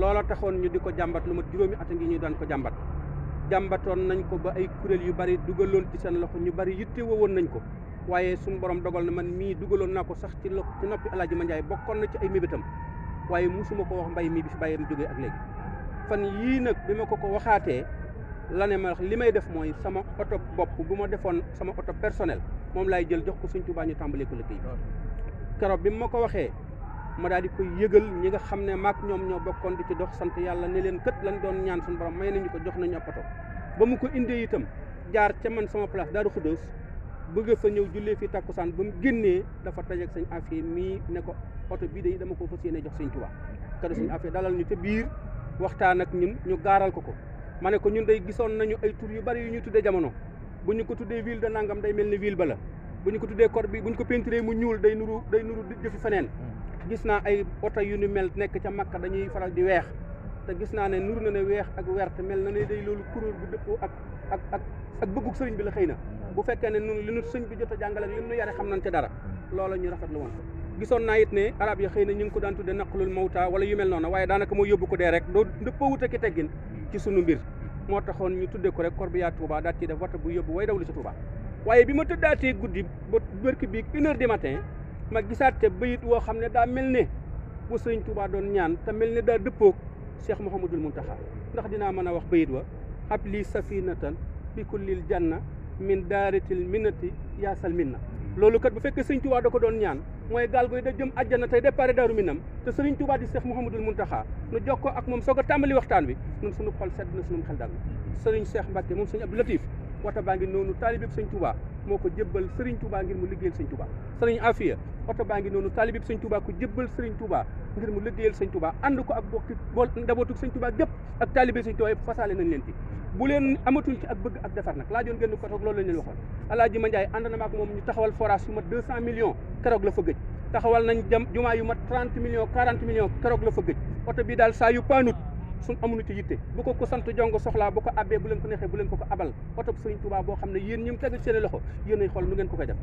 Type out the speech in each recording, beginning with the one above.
loola taxoon ñu di ko jàmbat lu ma juróomi at ngi ñu daan ko jàmbat jàmbatoon nañ ko ba ay kuréel yu bari dugaloon ci seen loxo ñu bari yitte woon nañ ko waaye suñu borom dogal na man mii dugaloon naa ko sax ci lo ci noppi ma Mandiaye bokkoon na ci ay mébétam waaye musuma ko wax mbay mii bi fi bàyyam jógee ak léegi fan yii nag bi ma ko ko waxaatee la ne ma li may def mooy sama oto bopp bu ma defoon sama oto personnel moom laay jël jox ko suñ tubaa ñu tàmbalee ko liggéey keroog bi ma ko waxee ma daal di koy yëgal ñi nga xam ne maag ñoom ñoo bokkoon di ci dox sant yàlla ne leen kët lañ doon ñaan suñu borom may nañu ko jox nañu appato ba mu ko indee itam jaar ca man sama place Daaru Xuddoos bëgg fa ñëw jullee fii tàkkusaan ba mu génnee dafa tajeeg sëñ Afee mii ne ko oto bii de dama ko fas yéene jox sëñ Tuubaa kado sëñ Afee dalal ñu ca biir waxtaan ak ñun ñu gaaral ko ko ma ko ñun day gisoon nañu ay tur yu bari yu ñuy tuddee jamono bu ñu ko tuddee ville de nangam day mel ni ville ba la bu ñu ko tuddee kor bi bu ko peinturé mu ñuul day nuru day nuru jëfi feneen gis naa ay oto yu ni mel nekk ca Makka dañuy faral di weex te gis naa ne nuru na ne weex ak werte mel na ne day loolu kuréel bu dëppoo ak ak ak ak sëriñ bi la xëy na bu fekkee ne nun li nu sëñ bi jot a jàngale ak li nu yare xam nañ ca dara loola ñu rafetlu woon gisoon naa it ne arab ya xëy na ñu ngi ko daan tudde naqlul mawta wala yu mel noonu waaye daanaka moo yóbbu ko dee rek doo dëppoo wut ak teggin ci sunu mbir moo taxoon ñu tudde ko rek Corbillard Touba daal ciy def wata bu yóbbu way dawlu ci Touba waaye bi ma tëddaatee guddi ba bërki bii une heure ma gisaat ca bayit woo xam ne daa mel ne bu sëñ Tuubaa doon ñaan te mel ne daa dëppoog Cheikh Mouhamadul Muntaxa ndax dinaa mën a wax bayit wa ab lii safinatan bi kullil janna min daaritil minnati yaasal minna loolu kat bu fekkee sëñ Tuubaa da ko doon ñaan mooy gaal goy da jëm àjjana tey déparé daaru minam te sëriñ Tuubaa di Seex Muhammadul Muntaxaa nu jokkoo ak moom soog ko tàmbali waxtaan bi ñun suñu xol sedd na suñu xel dal na sëriñ Seex Mbàkke moom sëriñ baa ngi noonu taalibe bi sëñ Tuubaa moo ko jëbbal Serigne Touba ngir mu liggéeyal Serigne Touba Serigne Afia oto baa ngi noonu taalibib Serigne Touba ko jëbbal Serigne Touba ngir mu liggéeyal Serigne Touba ànd ko ak bokki njabootug Serigne Touba gépp ak taalibi Serigne Touba yëpp fasaale nañ leen bu leen amatuñ ci ak bëgg ak defar nag laajoon ngeen ko loolu lañ leen waxoon Alaaji Mandiaye ànd na maak moom ñu taxawal forage yu mat deux cent millions keroog la fa gëj taxawal nañ jumaa yu mat trente millions suñ amuñu ci yitte bu ko ko sant jongo soxlaa bu ko abbee bu leen ko neexee bu leen ko abal oto bu Sëriñ boo xam ne yéen ñi mu tegal seen loxo yéen ay xool ko koy def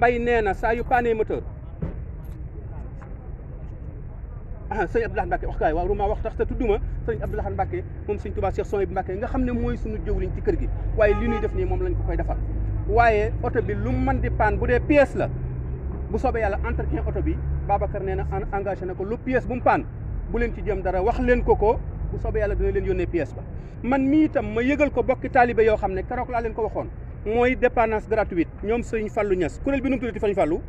nee na saa yu paanee moteur ah sëñ Abdoulaye Mbacke wax kaay waaw ruma wax tax te tudduma sëñ Abdoulaye Mbacke moom sëñ Tuubaa Cheikh bi Mbacke nga xam ne mooy suñu jëwriñ ci kër gi waaye li ñuy def nii moom lañ ko koy defal waaye oto bi lu mën di paan bu dee pièce la bu soobee yàlla entretien oto bi Babacar nee na engagé na ko lu pièce bu mu paan bu leen ci jëm dara wax leen ko ko bu soobee yàlla dina leen yónnee pièce ba man mii itam ma yëgal ko bokki taalibe yoo xam ne keroog laa leen ko waxoon mooy dépendance gratuite ñoom sëriñ Fallou Niass kuréel bi nu mu tuddati Sëriñ Fallou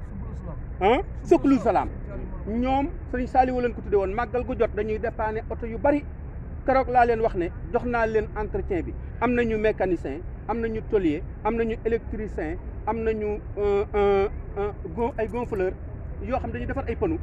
ah Suklu Salaam ñoom sëriñ Saliou leen ko tudde woon màggal gu jot dañuy dépanner oto yu bari keroog laa leen wax ne jox naa leen entretien bi am nañu mécanicien am nañu tôlier am na nañu électricien am nañu euh, euh, euh, ay gonfleur yoo xam dañuy defar ay panu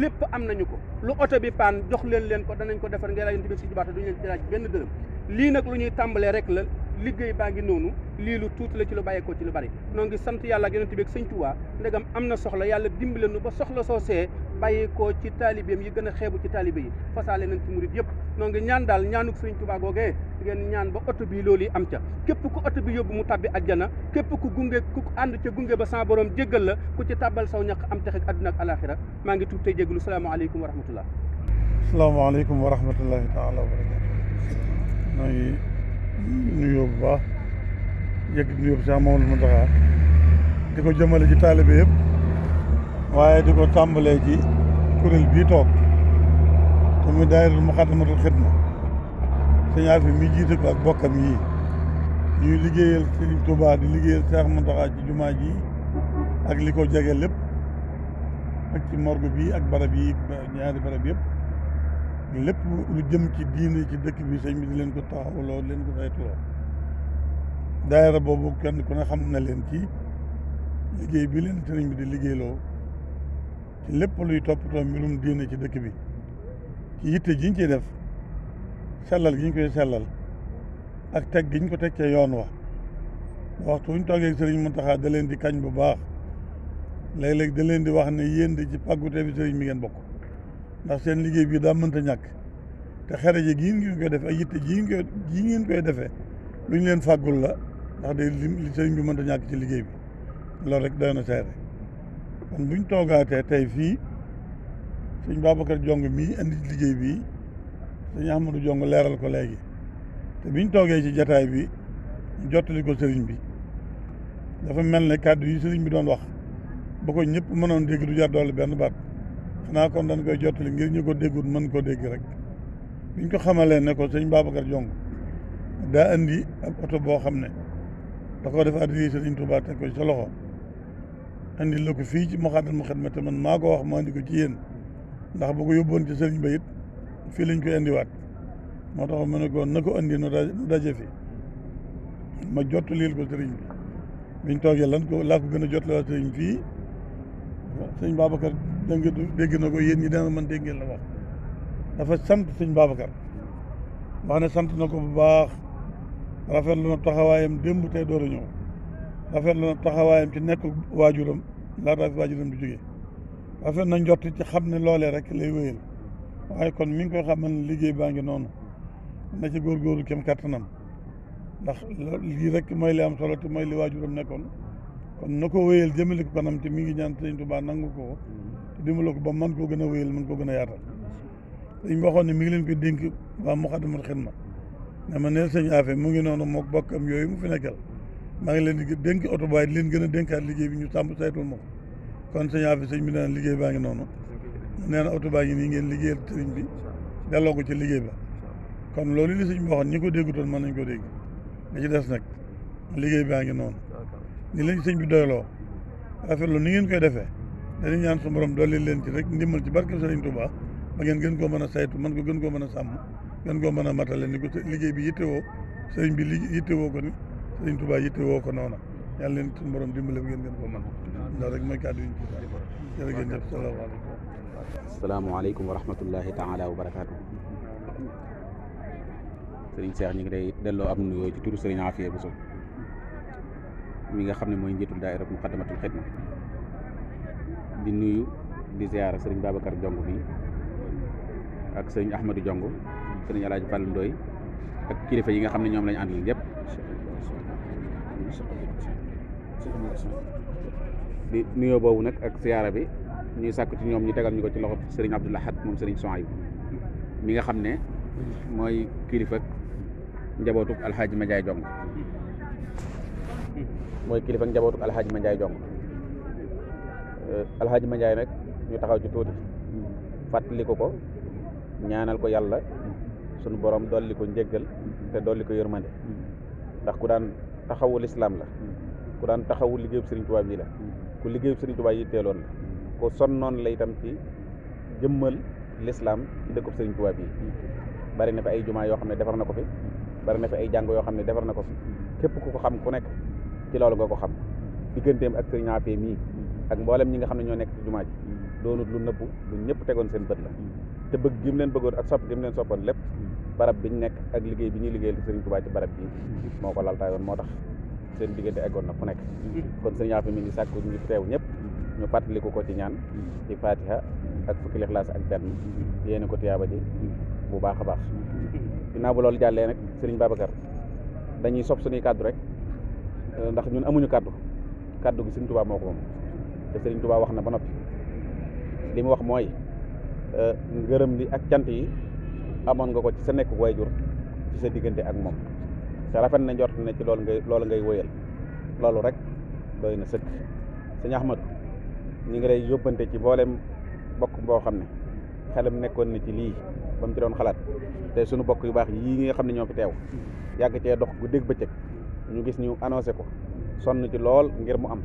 lépp am nañu ko lu oto bi paan jox leen leen ko danañ ko defar ngay laaj bi si jubaata duñu leen laaj benn dërëm lii nag lu ñuy tàmbalee rek la liggéey baa ngi noonu lii lu tuuti la ci lu bàyyeekoo ci lu bari noo ngi sant yàlla ak yonent bi ak sëñ Tuubaa ndegam am na soxla yàlla dimbale nu ba soxla soo see bàyyeekoo ci taalibeem yi gën a xeebu ci taalibe yi fasaale nañ ci murit yëpp noo ñaan daal ñaanuk sëriñ Tuubaa googee ngeen ñaan ba oto bi loolu yi am ca képp ku oto bi yóbbu mu tabbi àjjana képp ku gunge ku ànd ca gunge ba sa borom jéggal la ku ci tàbbal saw ñaq am texe ak àdduna ak alaxira maa ngi tuub te jéggalu salaamaaleykum wa rahmatullah salaamaaleykum wa rahmatullahi taala wa maa ngi nuyoo bu baax yëg nuyoo bi sax moom la ma taxaa di ko jëmale ci taalibe yëpp waaye di ko tàmbalee ci kuréel bii toog te muy daayira Muxaddamatul Xidma sëñ Afi mi jiite ko ak bokkam yi ñuy liggéeyal sëñ Tuubaa di liggéeyal Seex Muntaxaa ci jumaa ji ak li ko jege lépp ak ci morgo bi ak barab yi ñaari barab yëpp lépp lu jëm ci diine ci dëkk bi sëñ bi di leen ko taxawloo leen ko saytuloo daayira boobu kenn ku ne xam na leen ci liggéey bi leen sëriñ bi di liggéeyloo ci lépp luy toppatoo mbirum diine ci dëkk bi yitte gi ñu ciy def sellal giñ koy sellal ak teg giñ ko teg ca yoon wa waxtu wu ñu toogee ak sëriñ da leen di kañ bu baax léeg-léeg da leen di wax ne yéen di ci pàggute bi sëriñ mi ngeen bokk ndax seen liggéey bi daa mënta ñàkk te xereje gii def ak yitte ji ngeen ji ngeen koy defee luñ leen fàggul la ndax day li sëriñ bi mënta ñàkk ci liggéey bi loolu rek doy na seere kon bu ñu toogaatee tey fii sëñ Babacar Jong mii indi ci liggéey bii sëñ Ahmadou Jong leeral ko léegi te biñ toogee ci jataay bi jottali ko sëriñ bi dafa mel ne kàddu yi sëriñ bi doon wax ba ko ñëpp mënoon dégg du jar doole benn baat xanaa kon dañ koy jottali ngir ñu ko déggul mën koo dégg rek biñ ko xamalee ne ko sëñ Babacar Jong daa indi ak oto boo xam ne da koo def addiya sëriñ Tuubaa teg ko ci sa loxo indi la fii ci Moukhaddamatoul Khidma te man maa ko wax mu indi ko ci yéen ndax bu ko yóbboon ci sëriñ ba it fii lañ koy indiwaat moo tax mu ne ko na ko indi nu daje fi ma jot liil ko sëriñ bi biñ toogee lan ko laa ko gën a jot liwaat sëriñ fii sëñ Babacar da nga dégg na ko yéen ñi dana man dégg ngeen la wax dafa sant sëñ Babacar wax ne sant na ko bu baax rafetlu na taxawaayam démb tey door a ñëw rafetlu na taxawaayam ci nekk waajuram laataa fi waajuram di jógee affaire na njort ci xam ne loole rek lay wéyal waaye kon mi ngi koy xam ne liggéey baa ngi noonu na ci góorgóorlu kem kattanam ndax lii rek mooy li am solo ti mooy li waajuram nekkoon kon na ko wéyal jëmale ko kanam te mi ngi ñaan Sëñ Tuubaa nangu ko te dimbale ko ba man koo gën a wéyal man ko gën a yaatal dañ waxoon ne mi ngi leen koy dénk waa Muxaddamatul Xidma ne ma neel sëñ Afe mu ngi noonu moo bokkam yooyu mu fi nekkal maa ngi leen di dénk oto baay leen gën a dénkaat liggéey bi ñu sàmm saytul ma kon sëñ Afia sëñ bi naan liggéey baa ngi noonu nee na oto baa ngi nii ngeen liggéeyal sëriñ bi delloo ko ci liggéey ba kon loolu li sëñ bi waxoon ko déggutoon mën nañ ko dégg da des nag liggéey baa ngi noonu ni leen sëñ bi doyloo rafetlu ni ngeen koy defee dañuy ñaan su borom dolli leen ci rek ndimbal ci barke sëriñ Touba ba ngeen gën koo mën a saytu mën ko gën koo mën a sàmm gën koo mën a matale ni liggéey bi yittewoo sëriñ bi li yittewoo ko ni sëriñ Touba yittewoo ko noona yàlla leen suñu borom dimbale ba ngeen gën koo mën loolu rek mooy kàddu yi jërëjëf Cheikh ñu ngi lay delloo am nuyoo ci turu sëriñ Afia Bousso mi nga xam ne mooy njiitul daayira Muqaddamatul Xidma di nuyu di ziyaara sëriñ Babacar Jong bi ak sëriñ Ahmadou Jong sëriñ Alaaji Fall Ndoy ak kilifa yi nga xam ne ñoom lañu àndal yëpp di nuyoo boobu nag ak siyaara bi ñuy sàkk ci ñoom ñu tegal ñu ko ci loxo Serigne Abdou Lahad moom Serigne Souhaïbou mi nga xam ne mooy kilifa njabootuk Alxaaji Mandiaye Diong mooy kilifa njabootuk Alxaaji Mandiaye Diong Alxaaji nag ñu taxaw ci tuuti fàttali ko ko ñaanal ko yàlla sunu boroom dolli ko njéggal te dolli ko yërmande ndax ku daan taxawu lislaam la ku daan taxawu liggéeyub Serigne Touba bi la ku liggéeyu yi Tuubaa yitteeloon la ku sonnoon la itam ci jëmmal lislaam ci dëkkub Sëriñ Tuubaa bi bari na fi ay jumaa yoo xam ne defar na ko fi bari na fi ay jàng yoo xam ne defar na ko fi képp ku ko xam ku nekk ci loolu nga ko xam digganteem ak Sëriñ Afee mii ak mboolem ñi nga xam ne ñoo nekk ci jumaa ji doonut lu nëbbu lu ñëpp tegoon seen bët la te bëgg gi mu leen bëggoon ak sopp gi mu leen soppoon lépp barab biñ nekk ak liggéey bi ñuy liggéeyal Sëriñ Tuubaa ci barab bi moo ko laltaayoon moo tax seen diggante eggoon na fu nekk mm-hmm. kon sëriñ mi ngi sàkku ñu teew ñëpp mm-hmm. ñu fàttaliku ko ci ñaan mm-hmm. ci fatiha ak fukki lixlaas ak benn yéene ko tiyaaba ji bu baax a baax ginnaaw bu loolu jàllee nag sëriñ Babacar dañuy sob suñuy kàddu rek eh, ndax ñun amuñu kàddu kàddu gi sëriñ Tuubaa moo ko moom te sëriñ Tuubaa wax na ba noppi li mu wax mooy eh, gërëm li ak cant yi amoon nga ko ci sa nekk waajur ci sa diggante ak moom te rafet na njort ne ci loolu ngay loolu ngay wëyal loolu rek doy na sëkk sëñ Ahmadu ñu ngi lay yóbbante ci mboolem bokk boo xam ne xelam nekkoon na ci lii ba mu ci doon xalaat te sunu bokk yu baax yii nga xam ne ñoo fi teew yàgg cee dox guddeeg bëccëg ñu gis ñu annoncé ko sonn ci lool ngir mu am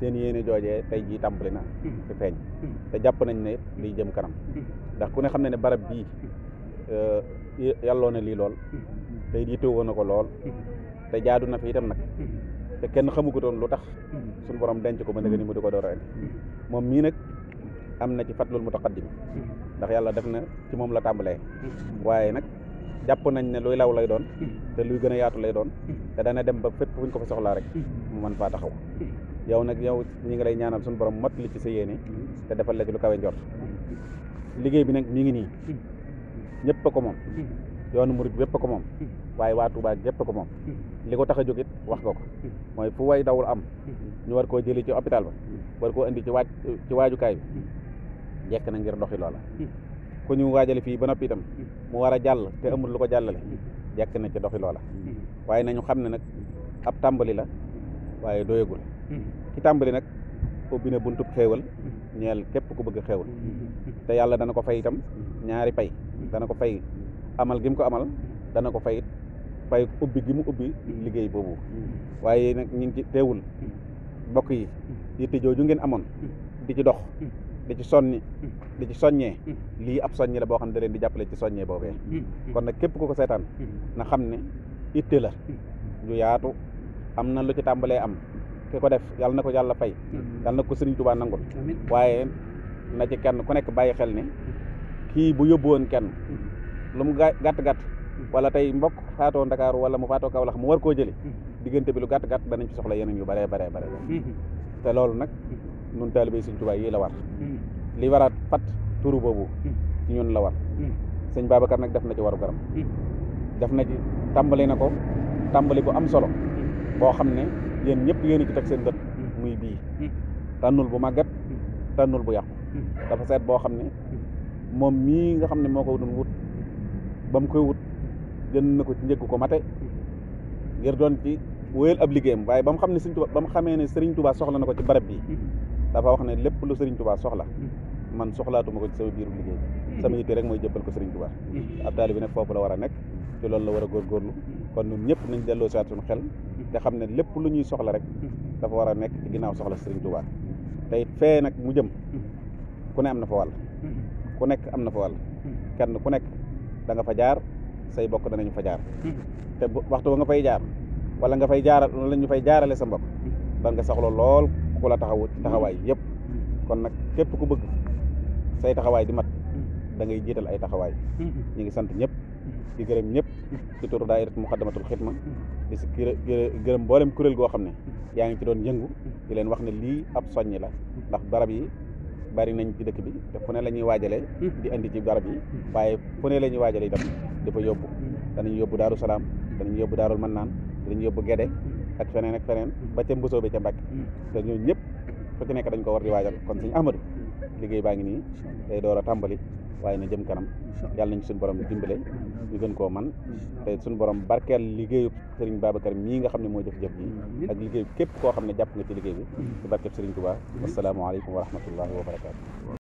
seen yéene joojee tey jii tàmbali na fi feeñ te jàpp nañ ne lii jëm kanam ndax ku ne xam ne ne barab bii euh, yàlloo na lii lool te it na ko lool te jaadu na fi itam nag te kenn xamu ko doon lu tax suñu borom denc ko ba nga ni mu di ko door a moom mii nag am na ci fat mu fatlul mutaqaddim ndax yàlla def na ci moom la tàmbalee waaye nag jàpp nañ ne luy law lay doon te luy gën a yaatu lay doon te dana dem ba fépp fu ñu ko fa soxlaa rek mu mën faa taxaw yow nag yow ñu ngi lay ñaanal suñu borom mot li ci sa yéene te defal la ci lu kawe njort liggéey bi nag mi ngi nii ñëpp moom yoon yoonu murit wépp ko moom hmm. waaye waa Touba gépp ko moom hmm. li ko tax a jógit wax ko ko hmm. mooy fu way dawul am ñu war koo jëli ci hôpital ba war koo indi ci waaj ci waajukaay bi jekk na ngir doxi loola ku ñu waajale fii ba noppi itam mu war a jàll te amul lu ko jàllale jekk na ci doxi loola waaye ñu xam ne nag ab tàmbali la waaye doyagul ci tàmbali nag ubbi na buntub xéewal ñeel képp ku bëgg xéewal te yàlla dana ko fay tam ñaari pay dana ko fay amal gi ko amal dana ko fayit fay ubbi gi mu ubbi liggéey boobu waaye nag ñu ngi ci teewul mbokk yi yitte jooju ngeen amoon di ci dox di ci sonni di ci soññee lii ab soññe la boo xam ne da leen di jàppale ci soññee boobe kon nag képp ku ko seytaan na xam ne itte la lu yaatu am na lu ci tàmbalee am ki def yàlla na ko yàlla fay yàlla na ko sëriñ Tuubaa nangul waaye na ci kenn ku nekk bàyyi xel ne kii bu yóbbu kenn lu mu gàtt-gàtt wala tey mbokk faatoo ndakaaru wala mu faatoo Kaolack mu war koo jëli hmm. diggante bi lu gàtt-gàtt danañ ci soxla yeneen yu bare bare bare hmm. te loolu nag hmm. nun taalibe Sëñ Tuubaa yi la war li waraat fat turu boobu ci ñun la war sëñ Babacar nag def na ci waru garam def na ci tàmbali na ko tàmbali bu am solo boo xam ne yéen ñëpp yéen ci teg seen bët muy bii tànnul bu màggat tànnul bu yàqu dafa seet boo xam ne moom mii nga xam ne moo ko doon wut ba mu koy wut jënd na ko ci njëgg ko mate ngir doon ci wéyal ab liggéeyam waaye ba mu xam ne sëriñ Tuubaa xamee ne sëriñ Tuubaa soxla na ko ci barab bi dafa wax ne lépp lu sëriñ Tuubaa soxla man soxlaatuma ko ci sama biiru liggéey sama yitte rek mooy jëppal ko sëriñ Tuubaa ab taali bi nag foofu la war a nekk ci loolu la war a góorgóorlu kon ñun ñëpp nañ delloo siwaat suñu xel te xam ne lépp lu ñuy soxla rek dafa war a nekk ci ginnaaw soxla sëriñ Tuubaa te it fee nag mu jëm ku ne am na fa wàll ku nekk am na fa wàll kenn ku nekk da nga fa jaar say bokk danañu fa jaar hmm. te waxtu wa nga fay jaar wala nga fay jaaral la ñu fay jaarale sa mbokk hmm. da nga soxla lool ku la taxawu ci taxawaay hmm. yëpp kon nag képp ku bëgg say taxawaay di mat dangay ngay jiital ay taxawaay ñu ngi sant ñëpp di gërëm ñëpp ci turu daayirat muqaddamatul xidma di si gërëm mboolem kuréel goo xam ne yaa ngi ci doon yëngu di leen wax ne lii ab soññi la ndax barab yi bari nañ ci dëkk bi te fu ne la ñuy waajalee hmm. di indi ci garab yi hmm. waaye fu ne la ñuy waajalee itam di fa yóbbu hmm. danañ yóbbu daaru salaam danañ yóbbu daarul man naan danañ yóbbu gede ak feneen ak feneen ba ca mbusoo bi ca mbàkk te ñooñu ñëpp fu ci nekk dañ ko war di waajal kon sëñ Ahmadou liggéey baa ngi nii day door a tàmbali waaye na jëm kanam yàlla nañ suñu borom dimbale ñu gën koo man te suñu borom barkeel liggéeyu sëriñ Babacar mii nga xam ne moo def jëf yi ak liggéey képp koo xam ne jàpp nga ci liggéey bi ci barkeb sëriñ Tuubaa wasalaamaaleykum wa rahmatullahi wa barakaatu